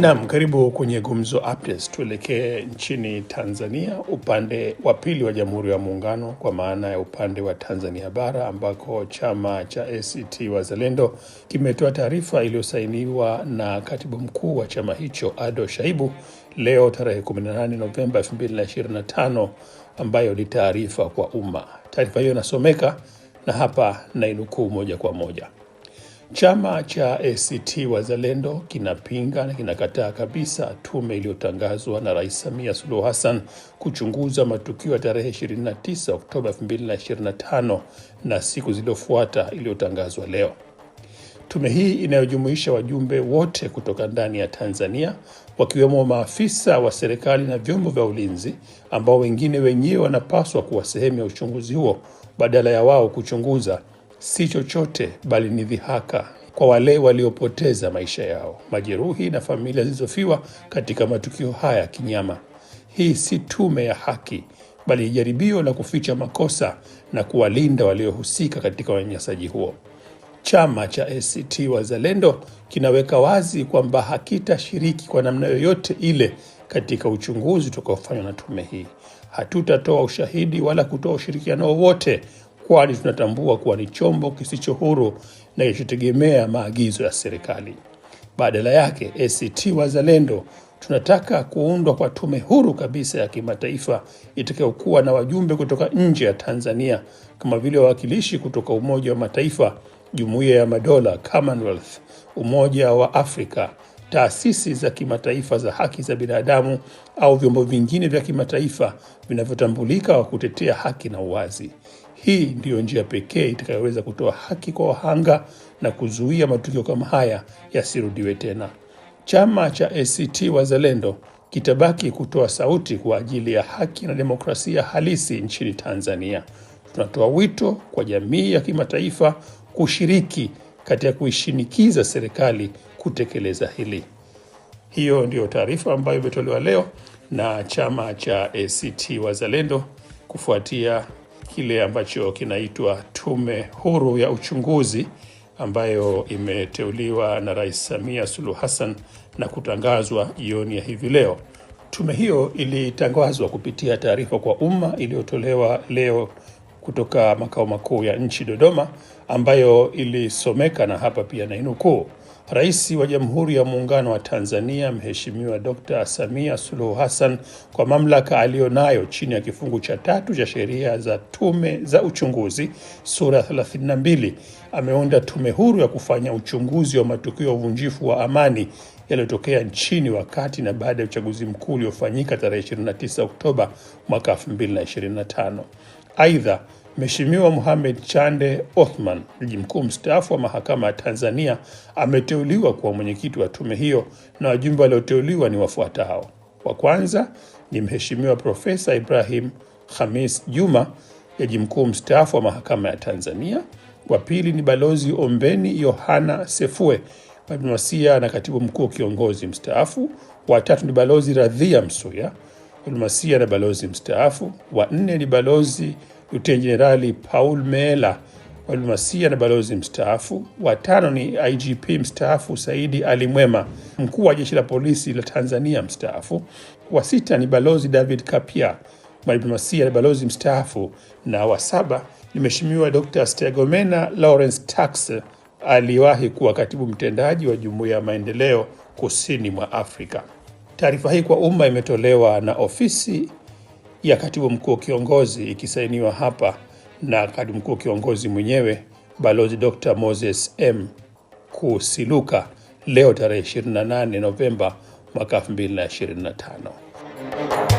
nam karibu kwenye Gumzo Updates. Tuelekee nchini Tanzania, upande wa pili wa Jamhuri ya Muungano, kwa maana ya upande wa Tanzania Bara, ambako chama cha ACT Wazalendo kimetoa taarifa iliyosainiwa na katibu mkuu wa chama hicho Ado Shaibu leo tarehe 18 Novemba 2025, ambayo ni taarifa kwa umma. Taarifa hiyo inasomeka na hapa nainukuu moja kwa moja. Chama cha ACT Wazalendo kinapinga na kinakataa kabisa tume iliyotangazwa na Rais Samia Suluhu Hassan kuchunguza matukio ya tarehe 29 Oktoba 2025 na siku zilizofuata iliyotangazwa leo. Tume hii inayojumuisha wajumbe wote kutoka ndani ya Tanzania wakiwemo maafisa wa serikali na vyombo vya ulinzi ambao wengine wenyewe wanapaswa kuwa sehemu ya uchunguzi huo badala ya wao kuchunguza si chochote bali ni dhihaka kwa wale waliopoteza maisha yao, majeruhi na familia zilizofiwa katika matukio haya ya kinyama. Hii si tume ya haki, bali ni jaribio la kuficha makosa na kuwalinda waliohusika katika unyanyasaji huo. Chama cha ACT Wazalendo kinaweka wazi kwamba hakitashiriki kwa namna yoyote ile katika uchunguzi utakaofanywa na tume hii. Hatutatoa ushahidi wala kutoa ushirikiano wowote kwani tunatambua kuwa ni chombo kisicho huru na kinachotegemea maagizo ya serikali. Badala yake, ACT Wazalendo tunataka kuundwa kwa tume huru kabisa ya kimataifa itakayokuwa na wajumbe kutoka nje ya Tanzania kama vile wawakilishi kutoka Umoja wa Mataifa, Jumuiya ya Madola, Commonwealth, Umoja wa Afrika, taasisi za kimataifa za haki za binadamu au vyombo vingine vya kimataifa vinavyotambulika wa kutetea haki na uwazi. Hii ndiyo njia pekee itakayoweza kutoa haki kwa wahanga na kuzuia matukio kama haya yasirudiwe tena. Chama cha ACT Wazalendo kitabaki kutoa sauti kwa ajili ya haki na demokrasia halisi nchini Tanzania. Tunatoa wito kwa jamii ya kimataifa kushiriki katika kuishinikiza serikali kutekeleza hili. Hiyo ndiyo taarifa ambayo imetolewa leo na chama cha ACT Wazalendo kufuatia kile ambacho kinaitwa tume huru ya uchunguzi ambayo imeteuliwa na Rais Samia Suluhu Hassan na kutangazwa jioni ya hivi leo. Tume hiyo ilitangazwa kupitia taarifa kwa umma iliyotolewa leo kutoka makao makuu ya nchi Dodoma, ambayo ilisomeka na hapa pia nainukuu: Rais wa Jamhuri ya Muungano wa Tanzania Mheshimiwa dr Samia Suluhu Hassan kwa mamlaka aliyonayo chini ya kifungu cha tatu cha sheria za tume za uchunguzi sura 32 ameunda tume huru ya kufanya uchunguzi wa matukio ya uvunjifu wa amani yaliyotokea nchini wakati na baada ya uchaguzi mkuu uliofanyika tarehe 29 Oktoba mwaka 2025. Aidha, Mheshimiwa Mohamed Chande Othman, jaji mkuu mstaafu wa mahakama ya Tanzania, ameteuliwa kuwa mwenyekiti wa tume hiyo na wajumbe walioteuliwa ni wafuatao. Wa kwanza ni Mheshimiwa Profesa Ibrahim Khamis Juma, jaji mkuu mstaafu wa mahakama ya Tanzania. Wa pili ni Balozi Ombeni Yohana Sefue, mwanadiplomasia na katibu mkuu kiongozi mstaafu. Wa tatu ni Balozi Radhia Msuya, mwanadiplomasia na balozi mstaafu. Wa nne ni Balozi jenerali Paul mela walidiplomasia na balozi mstaafu. Watano ni IGP mstaafu Saidi Ali Mwema, mkuu wa jeshi la polisi la Tanzania mstaafu. Wa sita ni balozi David Kapia, mwanadiplomasia na balozi mstaafu, na wa saba ni mheshimiwa Dr. Stegomena Lawrence Tax, aliwahi kuwa katibu mtendaji wa Jumuiya ya Maendeleo Kusini mwa Afrika. Taarifa hii kwa umma imetolewa na ofisi ya katibu mkuu kiongozi ikisainiwa hapa na katibu mkuu kiongozi mwenyewe Balozi Dr. Moses M. Kusiluka leo tarehe 28 Novemba mwaka 2025.